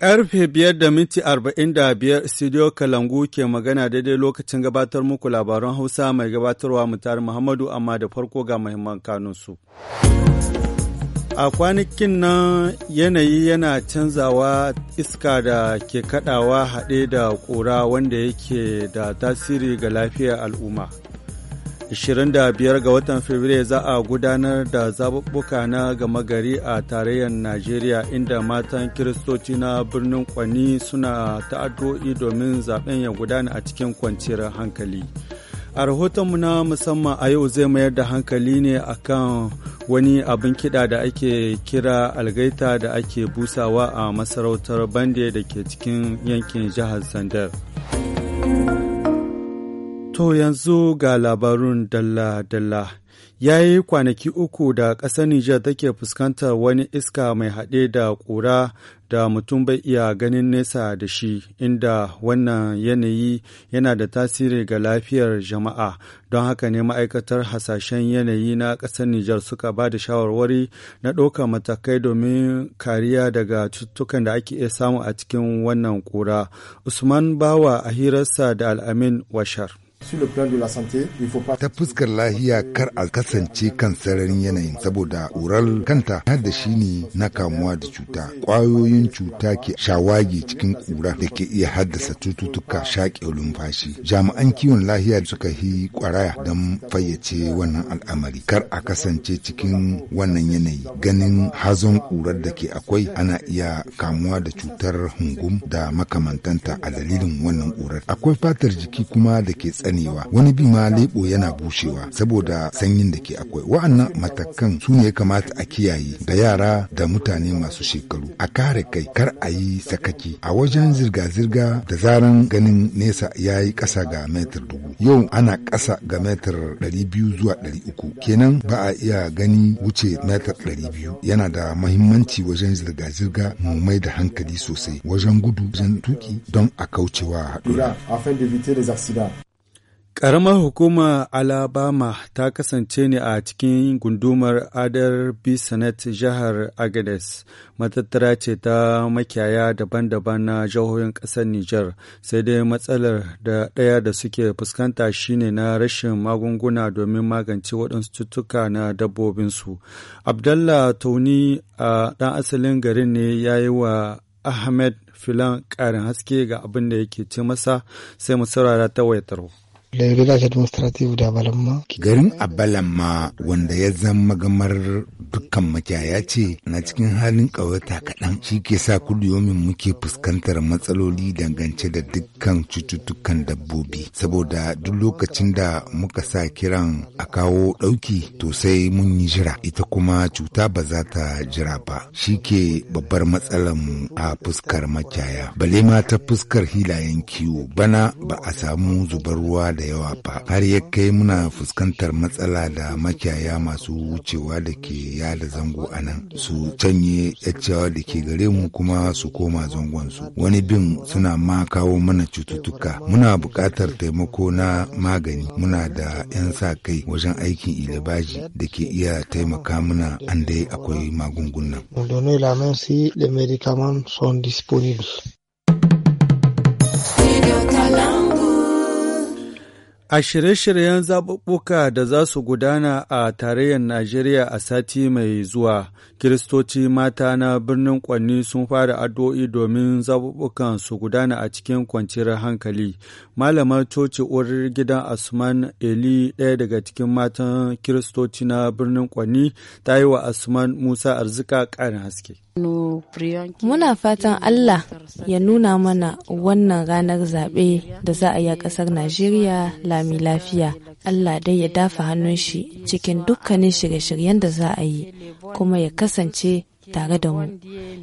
Karfe biyar da minti arba'in da biyar Studio Kalangu ke magana daidai lokacin gabatar muku labaran Hausa mai gabatarwa mutar Muhammadu amma da farko ga mahimman kanunsu. A kwanakin nan yanayi yana canzawa iska da ke kadawa haɗe da ƙura wanda yake da tasiri ga lafiyar al'umma. 25 ga watan Fabrairu za a gudanar da zaɓuɓɓuka na gama gari a tarayyar Najeriya inda matan Kiristoci na birnin Kwani suna ta'addo'i domin zaɓen ya gudana a cikin kwanciyar hankali. A rahotonmu na musamman a yau zai mayar da hankali ne akan wani abin kiɗa da ake kira algaita da ake busawa a masarautar bande da ke cikin yankin jihar zandar. To yanzu ga labarun dalla-dalla. Ya yi kwanaki uku da ƙasar Nijar take fuskantar wani iska mai haɗe da ƙura da mutum bai iya ganin nesa da shi, inda wannan yanayi yana da tasiri ga lafiyar jama'a. Don haka ne ma'aikatar hasashen yanayi na ƙasar Nijar suka ba da shawarwari na ɗaukar matakai domin kariya daga cututtukan da ake iya samu a cikin wannan ƙura. Usman Bawa a hirarsa da Al'amin Washar. Ta fuskar lahiya kar a kasance kan sararin yanayin saboda oral kanta har da shi ne na kamuwa da cuta. Ƙwayoyin cuta ke shawagi cikin ƙura da ke iya haddasa cututtuka shaƙe lumfashi. Jami'an kiwon lahiya suka yi ƙwaraya don fayyace wannan al'amari. Kar a kasance cikin wannan yanayi ganin hazon ƙurar da ke akwai ana iya kamuwa da cutar hungum da makamantanta a dalilin wannan ƙurar. Akwai fatar jiki kuma da ke tsaye kanewa wani bi ma lebo yana bushewa saboda sanyin da ke akwai wa'annan matakan su ne ya kamata a kiyaye da yara da mutane masu shekaru a kare kai kar a yi sakaki a wajen zirga-zirga da zaran ganin nesa ya yi ƙasa ga metar dubu yau ana ƙasa ga metar ɗari biyu zuwa ɗari uku kenan ba a iya gani wuce metar ɗari biyu yana da mahimmanci wajen zirga-zirga mu mai da hankali sosai wajen gudu wajen tuki don a kaucewa haɗura. Ƙaramar hukumar Alabama ta kasance ne a cikin gundumar Adar B. Senate jihar Agades, matattara ce ta makiyaya daban-daban na jihohin ƙasar Nijar, sai dai matsalar da ɗaya da suke fuskanta shine na rashin magunguna domin magance waɗansu tutuka na dabbobinsu. Abdallah Tauni a ɗan asalin garin ne ya yi wa Ahmed Filan ƙarin haske ga abin da yake ce masa sai mu saurara ta wayar tarho. da village administrative da balamma. Garin Abalamma wanda ya zama magamar dukkan makiyaya ce na cikin halin ƙauyata kaɗan shi ke sa kuliyomin muke fuskantar matsaloli dangance da dukkan cututtukan dabbobi saboda duk lokacin da muka sa kiran a kawo ɗauki to sai mun yi jira ita kuma cuta ba za ta jira ba shi ke babbar matsalar mu a fuskar makiyaya bale ma ta fuskar hilayen kiwo bana ba a samu zubar ruwa da yawa ba har ya kai muna fuskantar matsala da makiyaya masu wucewa da ke yada zango a nan su canye cewa da ke gare mu kuma su koma zangon su wani bin suna ma kawo mana cututtuka muna buƙatar taimako na magani muna da 'yan sa kai wajen aikin ilibaji da ke iya taimaka mana an dai akwai magungunan. A shirye-shiryen zaɓuɓɓuka da za su gudana a tarayyar Najeriya a sati mai zuwa, Kiristoci mata na birnin Kwanni sun fara addu'o'i domin zaɓuɓɓukan su gudana a cikin kwanciyar hankali. Malamar coci uwar gidan Asman Eli ɗaya daga cikin matan Kiristoci na birnin Kwanni ta yi wa Asman Musa arzika ƙarin haske. Muna fatan Allah ya nuna mana wannan ranar zaɓe da za a yi a ƙasar Najeriya lami lafiya. Allah dai ya dafa hannun shi cikin dukkanin shirye-shiryen da za a yi, kuma ya kasance tare da mu,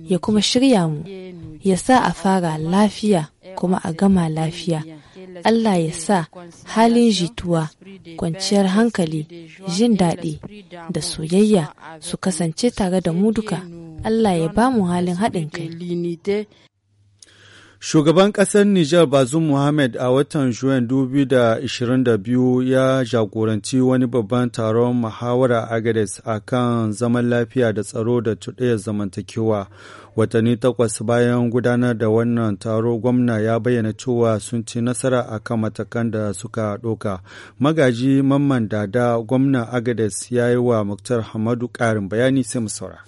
ya kuma shirya mu, ya sa a fara lafiya kuma a gama lafiya. Allah ya sa halin jituwa, kwanciyar hankali, jin daɗi da soyayya su kasance tare da mu duka. Allah ya ba mu halin haɗin kai. Shugaban ƙasar Nijar Bazum Mohamed a watan Juwan 2022 ya jagoranci wani babban taron muhawara Agades a kan zaman lafiya da tsaro da tuɗayar zamantakewa. Watanni takwas bayan gudanar da wannan taro gwamna ya bayyana cewa sun ci nasara a kan matakan da suka ɗoka. Magaji Mamman Dada gwamna Agades ya yi wa Muktar Hamadu ƙarin bayani sai mu saura.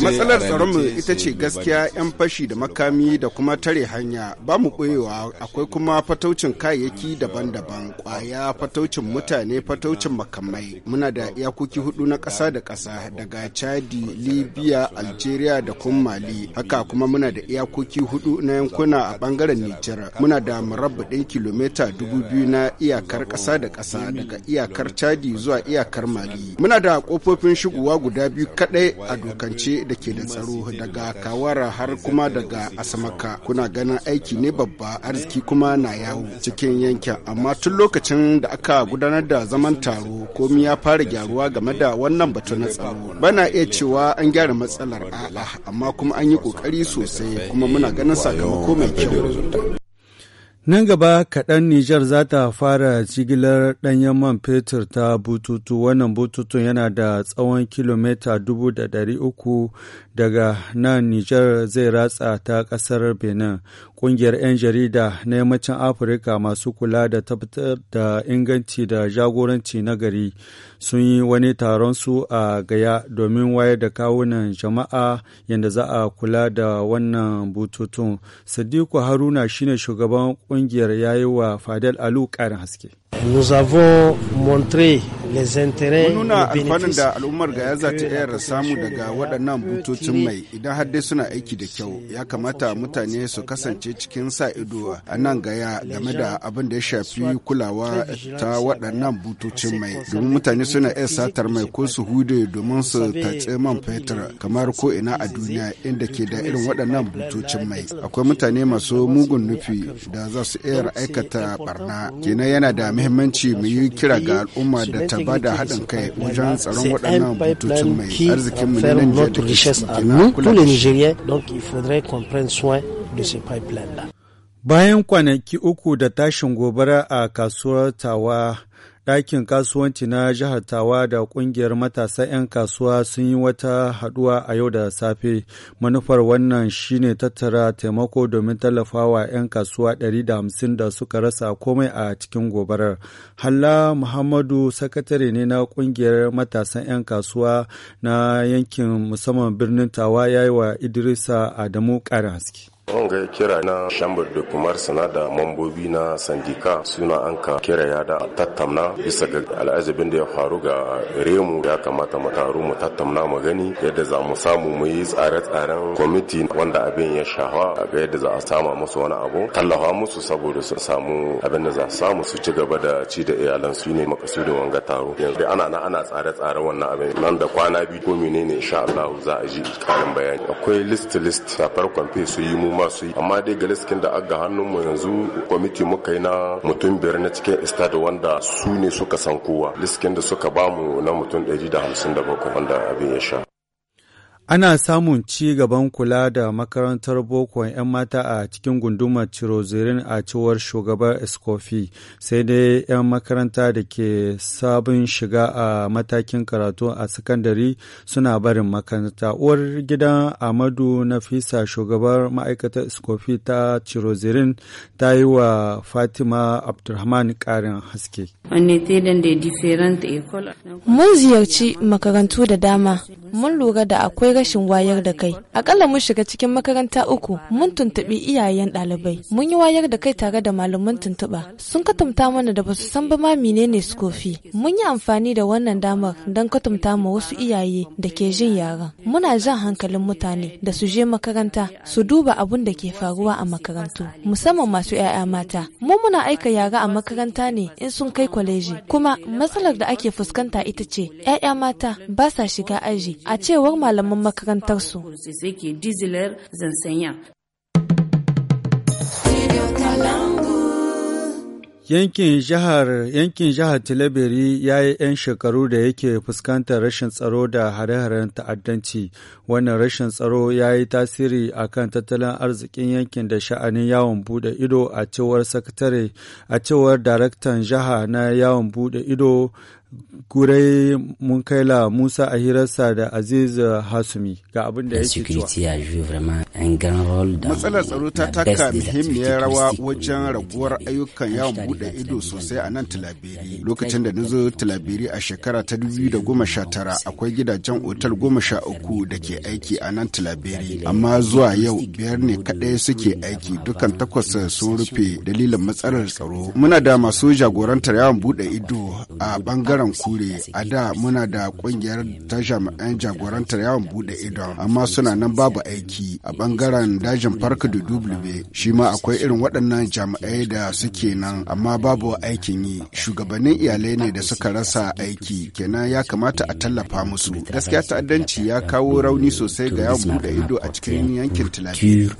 matsalar tsaron mu ita ce gaskiya 'yan fashi da makami da kuma tare hanya ba mu ɓoyewa akwai kuma fataucin kayayyaki daban-daban kwaya fataucin mutane fataucin makamai muna da iyakoki hudu na ƙasa da ƙasa daga chadi libya algeria da kuma mali haka kuma muna da iyakoki hudu na yankuna a bangaren nijar muna da ɗin kilomita dubu biyu na iyakar ƙasa da ƙasa daga iyakar chadi zuwa iyakar mali muna da kofofin shigowa guda biyu kaɗai a dokance da ke da tsaro daga kawara har kuma daga asamaka kuna ganin aiki ne babba arziki kuma na yawo cikin yankin amma tun lokacin da aka gudanar da zaman taro komi ya fara gyaruwa game da wannan batu na tsaro bana iya cewa an gyara matsalar a'a amma kuma an yi kokari sosai kuma muna ganin sakamako mai kyau Nan gaba kaɗan Nijar za ta fara jigilar ɗanyen man fetur ta bututu, wannan bututun yana da tsawon kilomita dubu da ɗari uku daga nan Nijar zai ratsa ta ƙasar Benin. Ƙungiyar 'yan jarida na yammacin Afirka masu kula da tabbatar da inganci da jagoranci na gari sun yi wani taron su a gaya domin wayar da kawunan jama'a yadda za a kula da wannan bututun sadiku haruna shine shugaban kungiyar yayi wa fadel alu ƙarin haske Nous avons montré Mun nuna alfanun da al'ummar gaya ta iya samu daga waɗannan bututun mai idan har dai suna aiki da kyau ya kamata mutane su kasance cikin sa ido a nan gaya game da abin da ya shafi kulawa ta waɗannan butocin mai domin mutane suna iya satar mai ko su hude domin su tatse man fetur kamar ko ina a duniya inda ke da irin waɗannan butocin mai akwai mutane masu mugun nufi da za su iya aikata barna kenan yana da muhimmanci mu yi kira ga al'umma da ta ba da haɗin kai wajen tsaron waɗannan bututun mai arzikin mu na Nigeria da ke Bayan kwanaki uku da tashin gobara a kasuwar Tawa ɗakin kasuwanci na jihar Tawa da ƙungiyar matasa 'yan kasuwa sun yi wata haɗuwa a yau da safe. Manufar wannan shine tattara taimako domin tallafawa 'yan kasuwa 150 da suka rasa komai a cikin gobarar. Halla Muhammadu sakatare ne na ƙungiyar matasan 'yan kasuwa na yankin musamman birnin Tawa ya yi wa Idrisa Adamu ƙarin haske. an ga kira na shambar da kumar sana da mambobi na sandika suna an ka kira ya da tattamna bisa ga al'azabin da ya faru ga remu ya kamata mu taru mu tattamna mu gani yadda za mu samu mu yi tsare-tsaren kwamiti wanda abin ya shafa ga yadda za a sama musu wani abu tallafa musu saboda su samu abin da za su samu su ci gaba da ci da iyalan su ne makasudin wanga taro yanzu ana na ana tsare-tsare wannan abin nan da kwana biyu ko menene insha Allah za a ji karin bayani akwai list list safar fe su yi mu masu yi amma dai ga da aga hannun mu yanzu kwamiti muka yi na mutum biyar na cikin stade wanda su ne suka san kowa liskin da suka bamu na mutum 157 wanda abin ya sha Ana samun ci gaban kula da makarantar boko 'yan mata a cikin gundumar Cirozirin a cewar shugabar Escofi, sai dai 'yan makaranta da ke sabon shiga a matakin karatu a sakandare suna barin makaranta. Uwar gidan Amadu Nafisa shugabar ma'aikatar Escofi ta Cirozirin ta yi wa Fatima Abdulrahman ƙarin haske. Mun ziyarci makarantu da dama, mun lura da akwai rashin wayar da kai. Akalla mun shiga cikin makaranta uku mun tuntuɓi iyayen ɗalibai. Mun yi wayar da kai tare da malaman tuntuɓa. Sun katumta mana da basu san ba ma menene skofi. Mun yi amfani da wannan damar don katumta ma wasu iyaye da ke jin yaran. Muna jan hankalin mutane da su je makaranta su duba abun da ke faruwa a makarantu musamman masu 'ya'ya mata. Mu muna aika yara a makaranta ne in sun kai kwaleji kuma matsalar da ake fuskanta ita ce 'ya'ya mata ba sa shiga aji a cewar malaman makarantarsu. Yankin jihar yankin jihar Tilaberi ya yi 'yan shekaru da yake fuskantar rashin tsaro da hare-haren ta'addanci. Wannan rashin tsaro ya yi tasiri a kan tattalin arzikin yankin da sha'anin yawon bude ido a cewar sakatare a cewar daraktan jiha na yawon bude ido Kurai mun kai la Musa a hirarsa da Aziz uh, Hasumi ga abin da yake cewa. Matsalar tsaro ta taka muhimmiyar rawa wajen raguwar ayyukan yawon buɗe ido sosai a nan Tilabiri. Lokacin da na zo Tilabiri a shekara ta tara akwai gidajen otal goma sha uku da ke aiki a nan Tilabiri. Amma zuwa yau biyar ne kaɗai suke aiki dukan takwas uh, sun rufe dalilin matsalar tsaro. Muna da masu jagorantar yawon buɗe ido a bangaren bangaren kure a da muna da kungiyar ta jami'an eh, jagorantar yawon bude ido amma suna nan babu aiki a bangaren dajin farka da dubulbe shi ma akwai irin waɗannan jami'ai da suke nan amma babu aikin yi shugabannin iyalai ne da suka rasa aiki kenan ya kamata a tallafa musu gaskiya ta'addanci ya kawo rauni sosai ga yawon bude ido a cikin yankin tilabiri.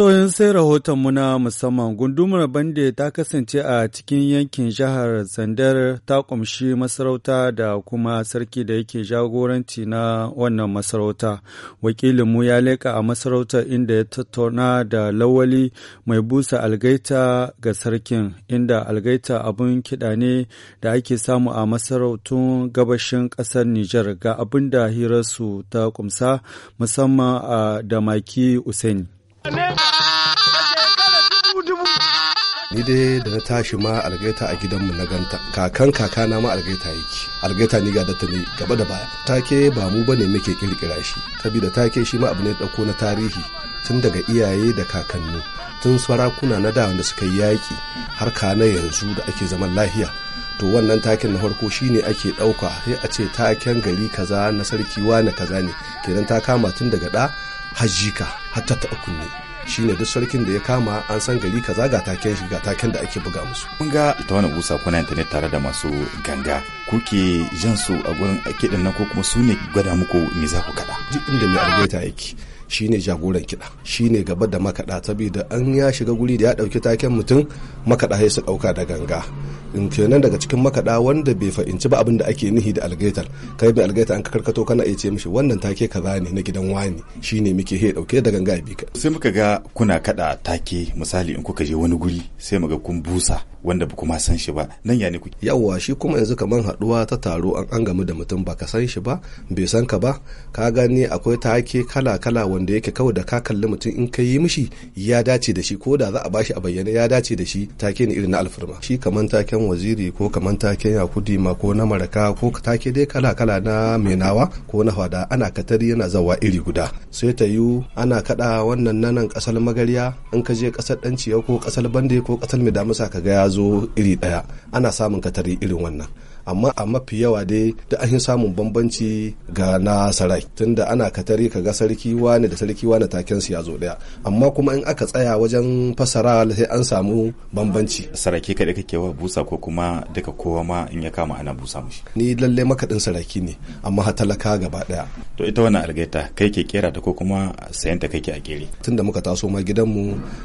To yanzu sai rahotonmu na musamman gundumar bande ta kasance a cikin yankin jihar Zandar ta kumshi masarauta da kuma sarki da yake jagoranci na wannan masarauta. Wakilinmu ya leƙa a masarautar inda ya tattauna da lawali mai busa algaita ga sarkin inda algaita abun kiɗa ne da ake samu a masarautun gabashin ƙasar Nijar ga abin da hirarsu ta kumsa musamman da Maki Usaini. ni dai da na tashi ma algaita a gidanmu na ganta kakan kakana ma algaita yake algaita ni ga datta ne gaba da baya take ba mu bane muke kirkira shi saboda take shi ma abu ne dauko na tarihi tun daga iyaye da kakanni tun sarakuna na da wanda suka yi yaki har kana yanzu da ake zaman lahiya to wannan takin na farko shine ake ɗauka sai a ce taken gari kaza na sarki wane kaza ne kenan ta kama tun daga ɗa hajjika har ta ta kunne shi ne duk sarkin da ya kama an san gari kaza ga taken shi ga taken da ake buga musu kun ga ta wani busa kuna intanet tare da masu ganga kuke jan su a gurin kiɗin nan ko kuma su ne gwada muku me za ku kaɗa duk inda mai algaita yake shine jagoran kiɗa shine gaba da makaɗa saboda an ya shiga guri da ya ɗauki taken mutum makaɗa sai su ɗauka da ganga in kenan daga cikin makaɗa wanda bai fahimci ba abin da ake nihi da algaitar kai bai algaitar an ka karkato kana iya ce mishi wannan take kaza ne na gidan wani shine muke he ɗauke da ganga bi ka sai muka ga kuna kaɗa take misali in kuka je wani guri sai muga kun busa wanda ba kuma san shi ba nan ya ne ku yawwa shi kuma yanzu kaman haduwa ta taro an an gamu da mutum baka san shi ba bai san ka ba ka gani akwai take kala kala wanda yake kawai da ka kalli mutum in ka yi mishi ya dace da shi ko da za a bashi a bayyana ya dace da shi take ne irin na alfarma shi kaman taken waziri ko kaman taken yakudima ko na maraka ko take dai kala kala na menawa ko na fada ana katari yana zawa iri guda sai ta yiwu ana kada wannan nanan kasar magarya in ka je kasar danciya ko kasar bande ko kasar mai damusa ka ga zo iri ɗaya ana samun katari irin wannan amma a mafi yawa dai da an yi samun bambanci ga na sarai tunda ana katari ka ga sarki wani da sarki wani taken su ya zo daya amma kuma in aka tsaya wajen fasara sai an samu bambanci saraki kaɗai kake wa busa ko kuma duka kowa ma in ya kama ana busa mushi ni lalle makaɗin saraki ne amma ha talaka gaba daya to ita wannan algaita kai ke kera ta ko kuma sayan ta kake a tun tunda muka taso ma gidanmu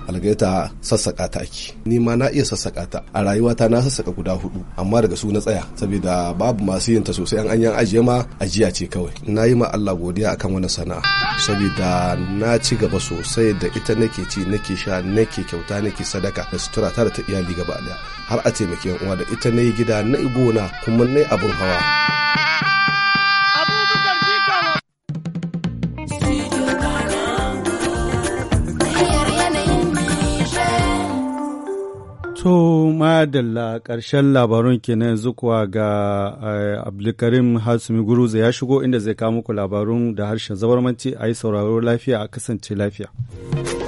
algaita sassaka ta ake ni ma na iya sassaka ta a rayuwata na sassaka guda hudu amma daga su na tsaya da babu masu yin ta sosai an anyan ajiye ma ajiya ce kawai na yi ma Allah godiya akan wannan sana'a saboda na ci gaba sosai da ita nake ci nake sha nake kyauta nake sadaka da sutura ta da ta iyali gaba daya har a 'yan uwa da ita na gida na igona kuma na abun hawa. To, madalla ƙarshen labarun kenan yanzu ga eh, Abdulkarim Hasumi Guruza ya shigo inda zai kawo muku labarun da harshen zabarmanci a yi sauraro lafiya a kasance lafiya.